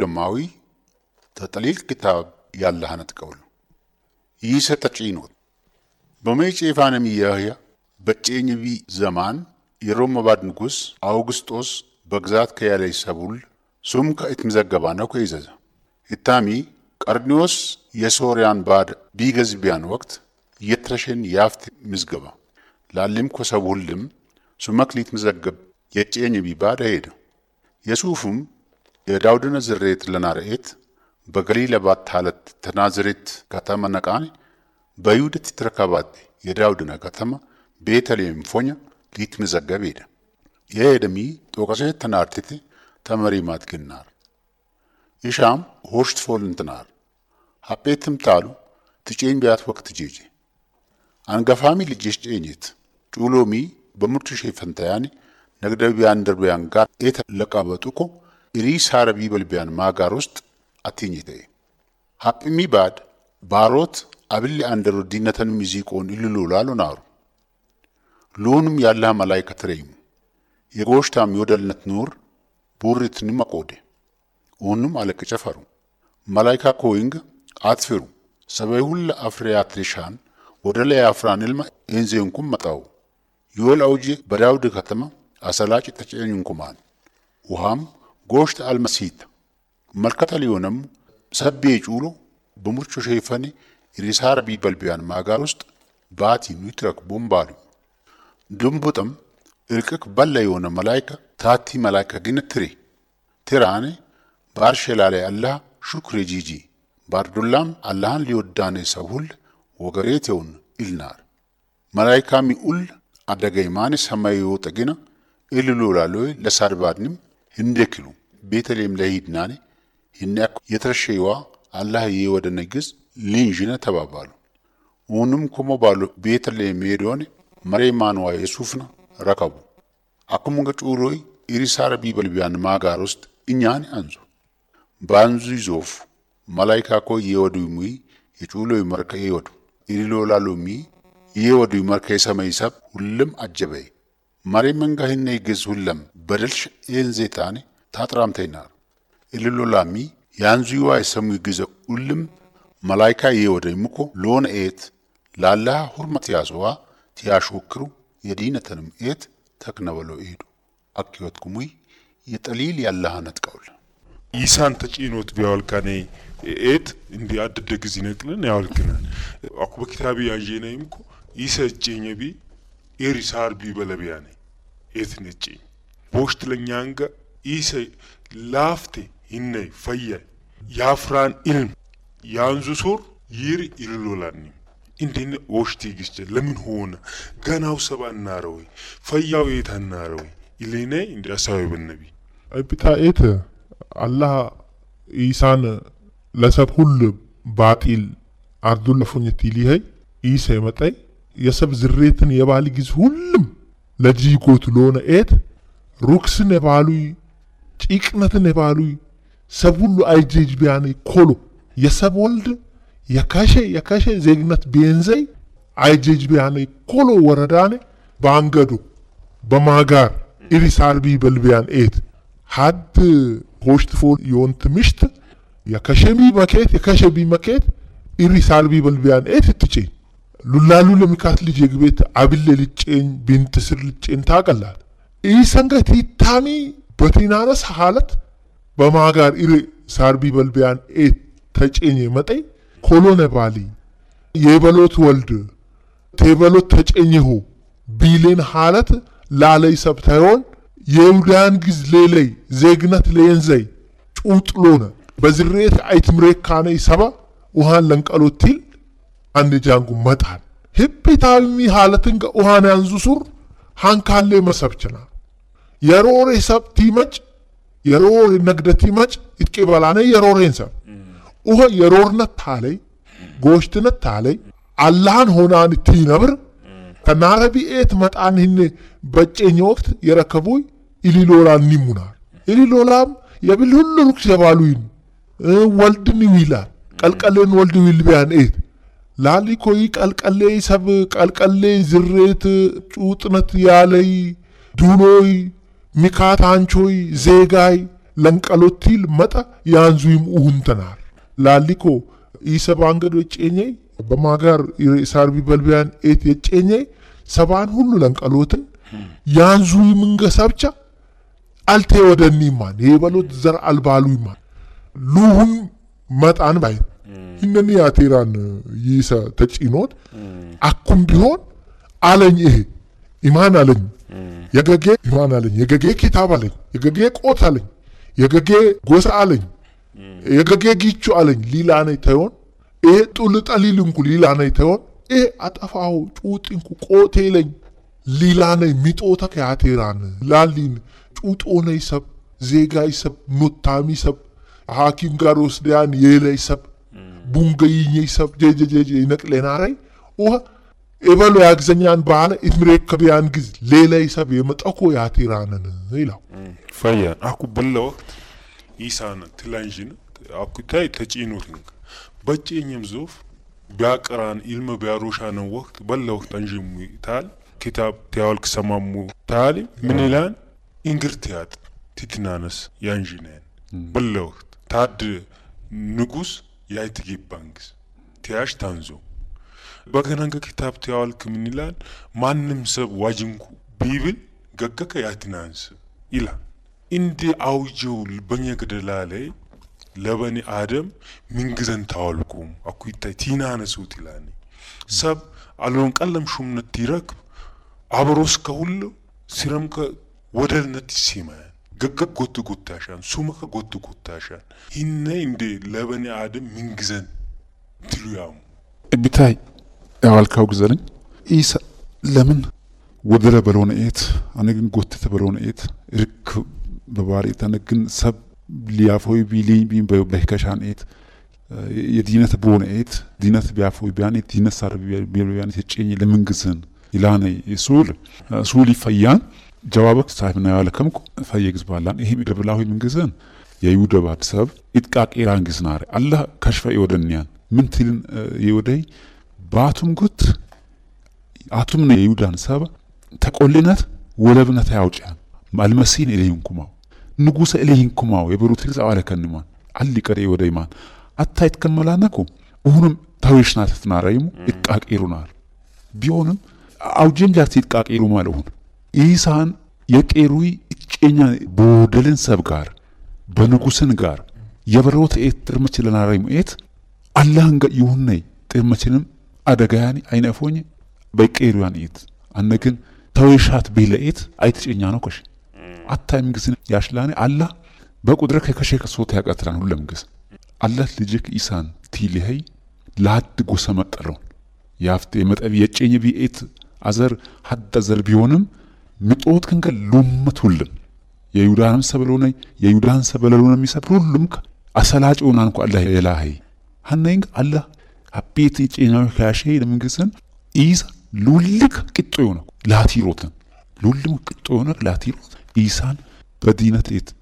ደማዊ ተጠሊል ኪታብ ያለህነት ቀውል ይሰ ተጪኖት በመጪ ፋነም ያህያ በጨኝቢ ዘማን የሮም መባድ ንጉስ አውግስጦስ በግዛት ከያለይ ሰቡል ሱም ከእትምዘገባ ነው ከይዘዘ ኢታሚ ቀርኒዎስ የሶርያን ባድ ቢገዝቢያን ወቅት የትረሽን ያፍት ምዝገባ ላሊም ኮሰብ ሁልም ሱመክሊት ምዘገብ የጨኝቢ ባድ ሄደ የሱፉም የዳውድነ ዝሬት ለናርኤት በገሊለ ባታለት ተናዝሬት ከተመ ነቃኒ በይሁድት ትረከባት የዳውድነ ከተማ ቤተልሔም ፎኛ ሊትመዘገብ ሄደ። የሄደሚ ጦቀሴ ተናርቴት ተመሪ ማትግናር ይሻም ሆሽት ፎልን ትናር ሀጴትም ታሉ ትጬን ቢያት ወቅት ጄጄ አንገፋሚ ልጅሽ ጬኝት ጩሎሚ በምርቱ ሼ ፈንታያኒ ነግደቢያን ደርቢያን ጋር ኤተ ለቃበጡኮ ሪስ ሀረቢ በልቢያን ማጋር ውስጥ አቲኝቴ ሀጵሚ ባድ ባሮት አብሊ አንደሮ ዲነተን ሚዚቆን ይልሉላሉ ናሩ ሉንም ያላ መላይከ ትሬይሙ የጎሽታም የወደልነት ኑር ቡሪትንም አቆዴ ኡንም ጨፈሩ መላይካ ኮይንግ አትፊሩ ሰበይ ሁለ አፍሬያ ትሪሻን ወደ ላይ አፍራን ልማ ኤንዜንኩም መጣው ዮል አውጂ በዳውድ ከተማ አሰላጭ ተጨኝንኩማን ውሃም goshta almasiita. Malkata liyonamu sabbee cuulu bumurchu sheeffane irisaara biibalbiyaan ማጋር ውስጥ ባቲ ኑትረክ ቦምባሉ ድንቡጥም እርቅቅ በለ የሆነ መላይከ ታቲ መላይከ ግን ትሬ ትራኔ ባርሼላ ላይ አላህ ሹክሬ ጂጂ ባርዱላም አላህን ሊወዳኔ ሰው ሁል ወገሬቴውን ኢልናር መላይካሚ ኡል አደገይማኔ ሰማይ የወጠ ግና ኢልሎላሎይ ለሳድባድንም እንደክሉ ቤተልሔም ለሂድና ይናያኩ የተርሼዋ አላህዬ ወደ ነግስ ሊንዥነ ተባባሉ ኡንም ኩሞ ባሉ ቤተልሔም ሄዶን መሬማንዋ የሱፍና ረከቡ አኩም ገጩሮይ ኢሪሳር ቢበልቢያን ማጋር ውስጥ እኛን አንዙ በአንዙ ይዞፍ መላይካ ኮ የወዱ የወዱሙ የጩሎይ መርከ የወዱ ኢሪሎላሉ ሚ የወዱ መርከ የሰመይ ሰብ ሁልም አጀበይ መሬ መንጋ ህነ ይገዝ ሁለም በደልሽ ኤንዜታኔ ታጥራምተይናር ኤልሎላሚ ያንዙዋ የሰሙ ግዘ ኡልም መላይካ የወደይምኮ ሎን ኤት ላላሃ ሁርመት ያዘዋ ቲያሾክሩ የዲነተንም ኤት ተክነበሎ ኤዱ አኪወትኩሙይ የጠሊል ያላሃነት ነጥቀውል ይሳን ተጪኖት ቢያወልካኔ ኤት እንዲ አድደ ጊዜ ነቅልን ያወልክናል አኩበ ኪታቢ ያዤነይምኮ ኢሰ ይሰጭኝ ቢ ኤሪሳር ቢ በለቢያኔ ኤት ነጭኝ ቦሽት ለኛንገ Ise laafti hinnay fayya yaafraan ilm yaanzu ሱር ይር ይልሎላኒ እንዴን ወሽቲ ግስጨ ለምን ሆነ ገናው ሰብ አናረው ፈያው የታናረው ኢሊኔ እንደ አሳዊ በነቢ አብታኤት አላህ ኢሳን ለሰብ ሁሉ ባጢል አርዱን ለፉኝት ይሊሄይ ኢሰ የመጣይ የሰብ ዝሬትን የባል ጊዜ ሁሉም ለጂጎት ሎነ ኤት ሩክስን የባሉ ጭቅነትን የባሉ ሰብ ሁሉ አይጄጅ ቢያኔ ኮሎ የሰብ ወልድ የካሸ የካሸ ዜግነት ቤንዘይ አይጄጅ ቢያኔ ኮሎ ወረዳኔ በአንገዱ በማጋር ኢሪሳርቢ በልቢያን ኤት ሀድ ሆሽት ፎል የወንት ምሽት የከሸቢ መኬት የከሸቢ መኬት ኢሪሳርቢ በልቢያን ኤት ትጭ ሉላሉ ለሚካት ልጅ የግቤት አብለ ልጭኝ ቢንትስር ልጭኝ ታቀላል ይህ ሰንገት ታሚ በቲናነስ ሀለት በማጋር ኢሬ ሳርቢ በልቢያን ኤ ተጨኝ መጠይ ኮሎነ ባሊ የበሎት ወልድ ቴበሎት ተጨኝሁ ቢሊን ሀለት ላለይ ሰብታዮን የውዳን ጊዝ ሌለይ ዜግነት ሌንዘይ ጩጥሎነ በዝሬት አይትምሬካነ ሰባ ውሃን ለንቀሎት ቲል አንድ ጃንጉ መጣል ህቤታዊሚ ሀለትን ውሃን ያንዙ ሱር ሃንካሌ መሰብችናል yeroo reessabtii mac yeroo nagdatii mac itqee balaanee yeroo reensa uha yeroorna taalay goshtina taalay allaan honaan ittiin abr tanaara bi'eet maxaan hinne bacceenya wokt yerakabuy ili loolaan ni munaar ili loolaam yabil hullu ruks yabaaluyin waldi ni wiilaan qalqalleen waldi wiil biyaan eet laalli koyi qalqallee sab qalqallee zirreet cuuxinat yaalay duunooy ሚካታንቾይ ዜጋይ ለንቀሎቲል መጠ ያንዙይም ኡሁንተናር ላሊኮ ኢሰባንገዶ የጨኘይ በማጋር ሳርቢ በልቢያን ኤት የጨኘይ ሰባን ሁሉ ለንቀሎትን ያንዙይ ምንገሳብቻ አልቴ ወደኒ ማን የበሎት ዘር አልባሉ ይማን ሉሁም መጣን ባይ ይነን ያቴራን ይሰ ተጭኖት አኩም ቢሆን አለኝ ይሄ ኢማን አለኝ የገጌ ኢማን አለኝ፣ የገጌ ኪታብ አለኝ፣ የገጌ ቆት አለኝ፣ የገጌ ጎሳ አለኝ፣ የገጌ ጊቹ አለኝ። ሊላ ሊላነ ተዮን ይሄ እንኩ ሊላ ሊላነ ተዮን ይሄ አጠፋው ጩጥ እንኩ ቆቴ ለኝ ሊላነ ሚጦተ ከያቴራን ላሊን ጩጦ ጩጦነ ይሰብ ዜጋ ይሰብ ሙታሚ ሰብ ሐኪም ጋር ወስደያን የለይ ሰብ ቡንገይኘ ይሰብ ጀጀጀ ይነቅሌናረይ ውሃ የበለው ያግዘኛን በዓለ ኢትምሬክ ከቢያን ጊዜ ሌላ ይሰብ የመጠኮ ያቴራንን ይላው ፈያ አኩ በለ ወቅት ኢሳነ ትላንጅን አኩ ታይ ተጪኑትን በጭኝም ዞፍ ቢያቅራን ኢልመ ቢያሮሻነ ወቅት በለ ወቅት አንጅሙ ታል ኪታብ ቲያወልክ ሰማሙ ታል ምን ይላን እንግርትያጥ ቲትናነስ ያንጅነን በለ ወቅት ታድ ንጉስ ያይትጌባንግስ ቲያሽ ታንዞ በገናን ከኪታብ ተያዋልክ ምን ይላል? ማንም ሰብ ዋጅንኩ ቢብል ገገከ ያትናንስ ይላል። እንዲ አውጀው በኛ ገደላ ላይ ለበኒ አደም ምንግዘን ታዋልኩም አኩይታይ ቲናነሱት ይላል ሰብ አሎን ቀለም ሹምነት ይረክብ አብሮስ ከሁሉ ሲረም ከወደልነት ይሲማን ገገብ ጎት ጎታሻን ሱመከ ጎት ጎታሻን ሂነ እንዴ ለበኒ አደም ምንግዘን ትሉያሙ እብታይ ያዋልካው ግዘለኝ ኢሳ ለምን ወደረ በለሆነ ኤት አነ ግን ጎተተ በለሆነ ኤት እርክ በባሪ ተነ ግን ሰብ ሊያፎይ ቢሊኝ ቢን በህከሻን ኤት የዲነት በሆነ ኤት ዲነት ቢያፎይ ቢያን ኤት ዲነት ሳር ቢያን ለምን ግዝን ይላነ ሱል ሱል ይፈያን ጀዋበክ ሳይብና ያለከምኩ ፈየ ግዝ ባላን ይሄ ይሄም ምን ግዝን የይሁዳ ባድ ሰብ ኢጥቃቄራን ግዝናሪ አላህ ከሽፈ ይወደንያን ምን ትልን ይወደይ በአቱም ጉት አቱም ነው የይሁዳን ሰባ ተቆልነት ወለብነት ያውጫል አልመሲን ኢለይን ኩማው ንጉሰ ኢለይን ኩማው የብሩትል ዛዋለ ከንማን አሊ ቀሬ ወደ ይማን አታይት ከመላነኩ እሁንም ታዊሽና ተትናረይሙ ይቃቂሩናል ቢሆንም አውጀም ጃርቲ ይቃቂሩ ማለሁን ኢሳን የቄሩይ እጨኛ ቦደልን ሰብ ጋር በንጉስን ጋር የበሮት ኤት ጥርመችን ለናረይሙ ኤት አላህን ጋ ይሁን ነይ ጥርመችንም አደጋያኒ አይነፎኝ በቀሩያን ኢት ግን ተወሻት ቢለኢት አይትጭኛ ነው ከሽ አታይ ምግስን ያሽላኔ አላ በቁድረ ከከሸ ከሶት ያቀትራን ሁሉ ለምግስ አላት ልጅክ ኢሳን ቲልሄይ ለሀድ ጎሰ መጠረውን ያፍቴ መጠብ የጨኝ ቢኤት አዘር ሀድ ዘር ቢሆንም ምጦት ክንከ ሉምት ሁልም የይሁዳንም ሰበለሆነ የዩዳን ሰበለሆነ የሚሰብር ሁሉም አሰላጭ ሆናንኳ አላ የላሀይ ሀናይንግ አላ Habete cinaru kaashee dhamgisan isa lullik qixxoo yoona laatiirootan lullima qixxoo yoona laatiirootan isaan badiinateet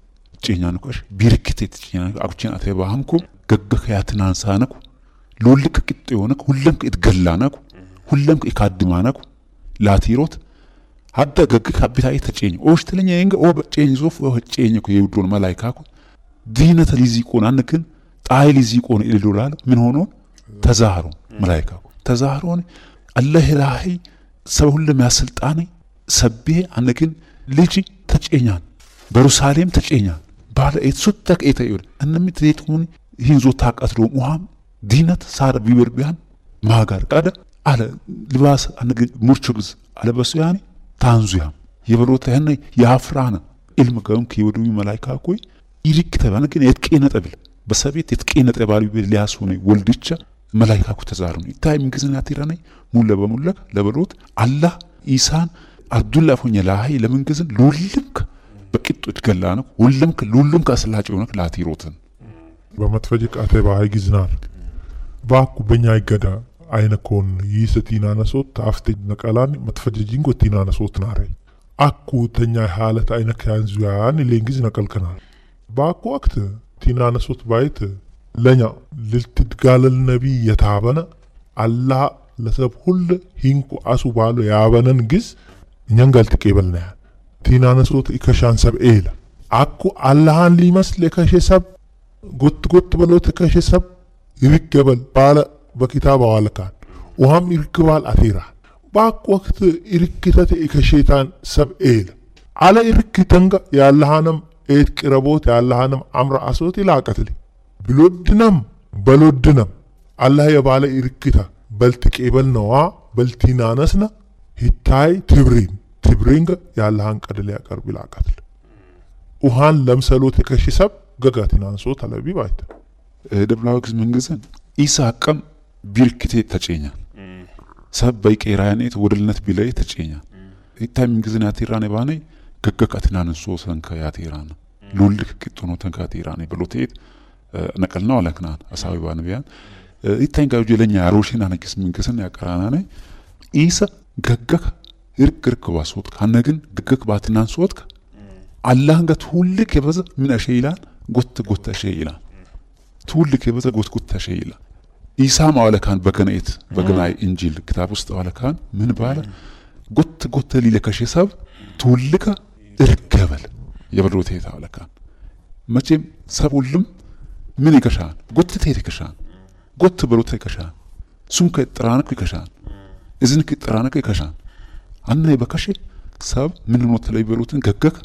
ceenyaanu qashe birikiteet ceenyaanu abceen atee baahamko gagga kayaatinaan saanaku lullika qixxoo yoonaku hullamka itgallaanaku hullamka ikaaddimaanaku laatiiroota hadda gagga kabbitaa ተጨኝ ኦሽተለኛ የንገ ኦ በጨኝ ዞፍ ኦ ጨኝ እኮ የውድሮን መላይካ እኮ ዲነተ ሊዚቆን አንክን ጣይ ሊዚቆን ኢልዶላል ምን ሆኖን ተዛህሩ መላይካ ተዛህሮን አላህ ላሂ ሰብ ሁሉ ሚያስልጣኒ ሰቤ አነግን ልጅ ተጨኛን በሩሳሌም ተጨኛን ባለ ኤት ሱት ኤተ ይብል እንምት ዜጡን ሂንዞ ታቀትሎ ሙሃም ዲነት ሳር ቢበር ቢያን ማጋር ቀደ አለ ልባስ አነግ ሙርቹግዝ አለበሱ ያኒ ታንዙያም የበሎታ ያነ ያፍራነ ኢልም ከም ከይወዱ መላይካ ኮይ ይልክ ተባነ ግን የትቄ ነጠብል በሰቤት የትቄ ነጠባል ሊያስ ሆነ ወልድቻ መላይካኩ ተዛሩ ታይ ምንግዝናት ይራነ ሙለ በሙለ ለበሮት አላህ ኢሳን አብዱላ ፎኛ ለሀይ ለምንግዝን ሉልምክ በቅጡ ትገላ ነው ሁልምክ ሉልምክ አስላጭ ሆነክ ላቲሮትን በመትፈጅ ቃተ ባህይ ግዝናር ባኩ በኛ ይገዳ አይነ አይነኮን ይስቲና ነሶት አፍቴ ነቀላን መትፈጅ ቲና ነሶት ናረ አኩ ተኛ ሀለት አይነ ያንዙያን ሌንግዝ ነቀልከናል ባኩ አክት ቲና ነሶት ባይት ለኛ ልትትጋለል ነቢ የታበነ አላህ ለሰብ ሁል ሂንኩ አሱ ባሎ ያበነን ግዝ እኛን ጋልጥቄ በልና ቲናነሶት ኢከሻን ሰብ ኤለ አኩ አላህን ሊመስል የከሼ ሰብ ጎት ጎት በሎት የከሼ ሰብ ይርገበል ባለ በኪታብ አዋልካን ውሃም ይርግባል አቴራ ባቅ ወቅት ይርክተት ኢከሼታን ሰብ ኤለ አለ ይርክተንጋ ያለሃንም ኤት ቅረቦት ያለሃንም አምራ አሶት ይላቀትልኝ ብሎድናም በሎድናም አላህ የባለ ይርክታ በልት ቄበል ነዋ በልቲ ናነስና ሂታይ ትብሪን ትብሪንግ ያለሃን ቀድል ያቀርብ ይላቀትል ውሃን ለምሰሎት ከሽሰብ አንሶ ተለቢ ባይተ ደብላወግዝ መንግዘን ኢሳቅም ቢርክቴ ተጨኛ ሰብ በይቄራያኔት ወድልነት ቢለይ ተጨኛ ኢታይ ምንግዝን ያቴራኔ ባኔ ገገቀትናንሶ ሰንከ ያቴራ ነ ሉልክ ቅጡኖ ተንከ ያቴራ ብሎ ብሎቴት ነቀልናው ለክናን አሳዊ ባንቢያን ይታኝ ጋር ጀለኛ ሮሽና ነቅስ ምንቅስን ነ ኢሰ ገገክ እርቅ እርቅ ባሶት ግን ገገክ ባትናን ሶትክ አላህን ጋር ትሁልክ የበዘ ምን አሸ ይላል ጎት ጎት አሸ ይላል ትሁልክ የበዘ ጎት ጎት አሸ ይላል ኢሳ ማዋለካን በገናይት በገናይ እንጂል ክታብ ውስጥ ዋለካን ምን ባለ ጎት ጎት ሊለከሽ ሰብ ትሁልከ እርገበል የበሮቴታ ዋለካን መቼም ሰብ ሁሉም ምን ይከሻል? ጎትተህ ይከሻል። ጎት ብሎት ይከሻል። ሱንከ ከጥራነኩ ይከሻል። እዝንክ ከጥራነኩ ይከሻል። አንነ በከሽ ሰብ ምን ነው ተለይ ብሎትን ገገክ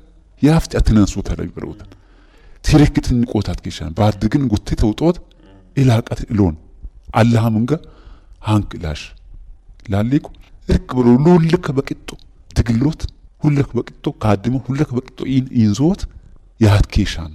ያፍጥ አትነሱ ተለይ ብሎትን ትሪክትን ቆታት ከሻን ባድግን ጎት ተውጦት ኢላቀት ኢሎን አላህ ምንጋ ላሽ ላሊቁ እርክ ብሎ ሉልክ በቅጦ ትግሎት ሁለክ በቅጦ ካድሞ ሁለክ በቅጦ ኢን ኢንዞት ያትኬሻን